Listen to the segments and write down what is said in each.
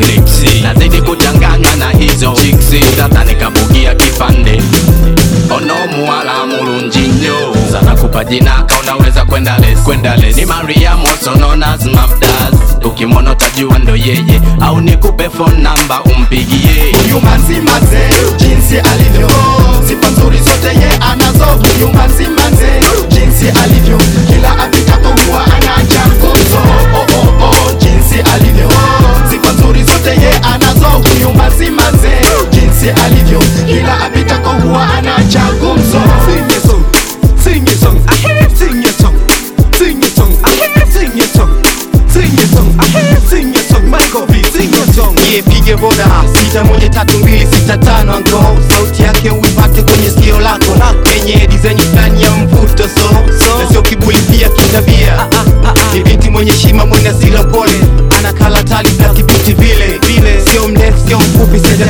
kilipsi, nazidi kuchanganya na hizo chiksi, sasa nikabugia kipande ono oh muwala mulunjinyo sana kupa jina unaweza kwenda les kwenda les ni Maria Mosononas Mabdas ukimwona utajua ndo yeye au nikupe phone number umpigie huyu manzi jinsi alivyo sifa nzuri zote ye ana Sing pige voda sita moja tatu mbili sita tano anko sauti yake uipate kwenye sikio lako kwenye dizaini fulani ya mvuto so, sio kibuli pia kitabia ah, ah, ni binti mwenye shima mwenye asila pole ana kalatali za kibiti vile vile sio mrefu sio mfupi sija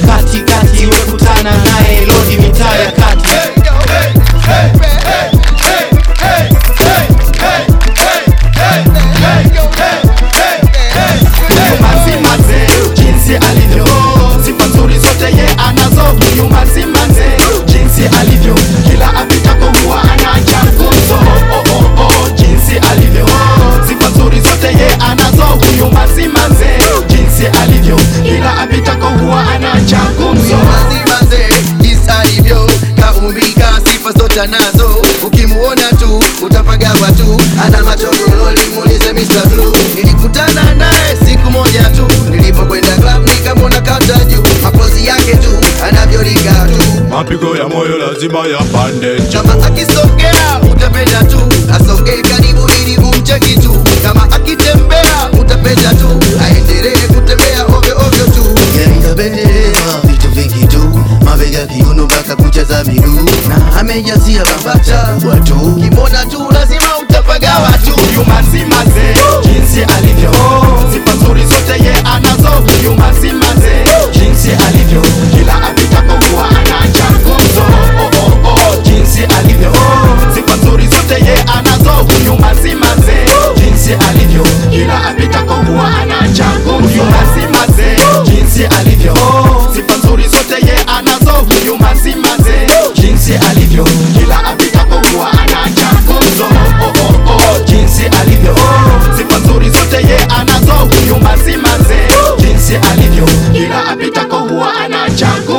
kupita nazo, ukimuona tu utapagawa tu, ana macho machokololi muulize Mr Blue. Nilikutana naye siku moja tu nilipokwenda club, nikamwona kata juu, mapozi yake tu anavyoliga tu, mapigo ya moyo lazima yapande, kama akisogea utapenda tu, asogee karibu ili umcheki tu, kama akitembea utapenda tu, aendelee kutembea ovyo ovyo tu, yeah, yaani vitu vingi tu mabega kiuno kucha za miguu na amejazia mabacha watu, kimona tu lazima utapaga watu. yuma zima maze jinsi alivyo sifa nzuri zote ye anazo yuma zima maze jinsi alivyo kila apitapo huwa anaacha gumzo oh, oh, oh. jinsi alivyo sifa nzuri zote ye anazo yuma maze kila apitako huwa anachangu